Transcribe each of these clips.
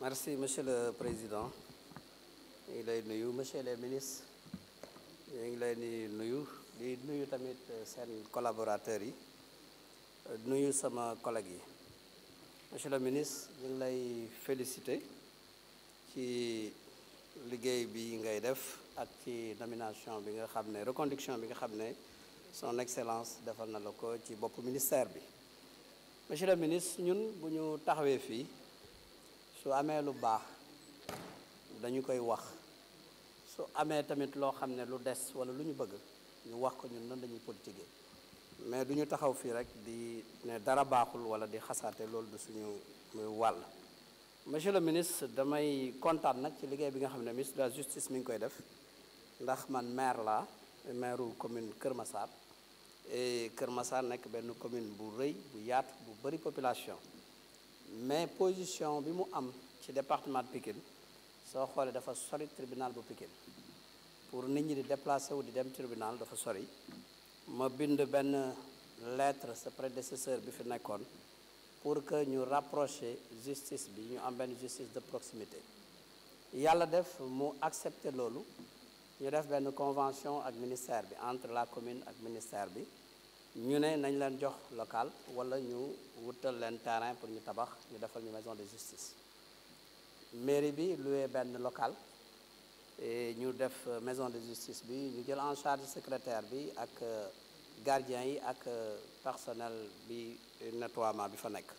Merci, Monsieur le Président. Il est nouveau, monsieur le ministre Il est nouveau. nuyu di tamit euh, seen collaborateurs yi euh, nuyu sama collègue yi monsieur le ministre je ngi lay féliciter ci liggéey bi ngay def ak ci nomination bi nga reconduction bi nga son excellence defal na la beaucoup ci ministère bi monsieur le ministre ñun bu ñu taxawee su amee lu baax dañu koy wax su amee tamit loo xam ne lu des wala lu ñu bëgg ñu wax ko ñun nan dañuy politiquer mais du ñu taxaw fii rek di ne dara baaxul wala di xasaate loolu du suñu muy wàll monsieur le ministre damay kontaan nag ci liggéey bi nga xam ne ministre de la justice mi ngi koy def ndax man maire la maireu commune Kër Massar Kër Massar nekk benn commune bu rëy bu yaatu bu bëri population mais position bi mu am ci département de Pikine soo xoolee dafa sori tribunal bu Pikine pour nit ñi di déplacé wu di dem tribunal dafa sori ma bind benn lettre sa prédécesseur bi fi nekkoon pour que ñu rapprocher justice bi ñu am benn justice de proximité yàlla def mu accepter loolu ñu def une convention ak ministère bi entre la commune ak ministère bi ñu ne nañ leen jox local wala ñu wutal leen terrain pour ñu tabax ñu defal ñu maison de justice mairie bi loué benn local et ñu def euh, maison de justice bi ñu jël en charge secrétaire bi ak euh, gardien yi ak euh, personnel bi nettoiement bi fa nekk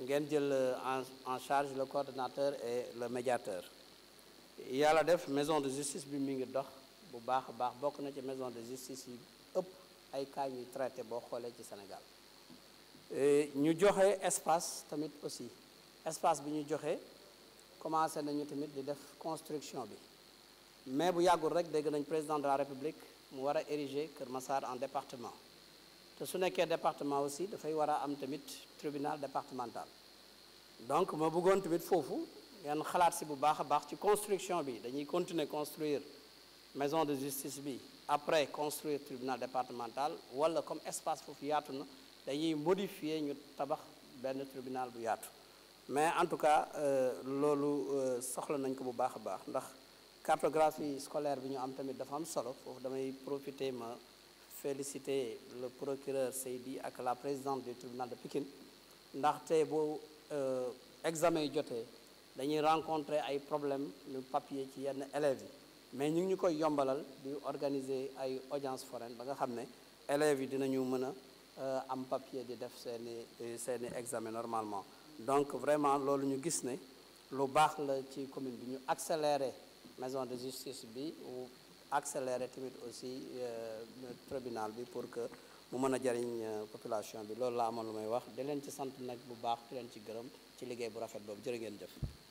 ngeen jël en charge le coordinateur et le médiateur yàlla def maison de justice bi mi ngi dox bu baax a baax bokk na ci maison de justice yi ëpp ay cas yuy traité boo xoolee ci Sénégal ñu joxe espace tamit aussi espace bi ñu joxe commencé nañu tamit di def construction bi mais bu yàggul rek dégg nañ président de la république mu war a ériger Kër Massar en département te su nekkee département aussi dafay war a am tamit tribunal départemental donc ma bëggoon tamit foofu ngeen xalaat si bu baax a baax ci construction bi dañuy continuer construire maison de justice bi après construire le tribunal départemental ou comme espace pour nous, avons modifié modifier tabac dans le tribunal bu yatou mais en tout cas nous euh, euh, soxla nañ ko bu baax La cartographie scolaire bi ñu am tamit dafa am solo profiter de féliciter le procureur Seydi et la présidente du tribunal de Pékin fait un euh, examen Nous avons rencontré rencontrer ay problème le papier qui est élèves mais ñu ngi ñu koy yombalal di organiser ay audience foraine ba nga xam ne élèves yi dinañu mën a euh, am papier di def seeni seeni examen normalement donc vraiment loolu ñu gis ne lu baax la ci commune bi ñu accélérer maison de justice bi ou accélérer tamit aussi euh, tribunal bi pour que mu mën a jariñ euh, population bi loolu la amoon lu may wax di leen ci sant nag bu baax di leen ci gërëm ci liggéey bu rafet boobu jërë ngeen jëf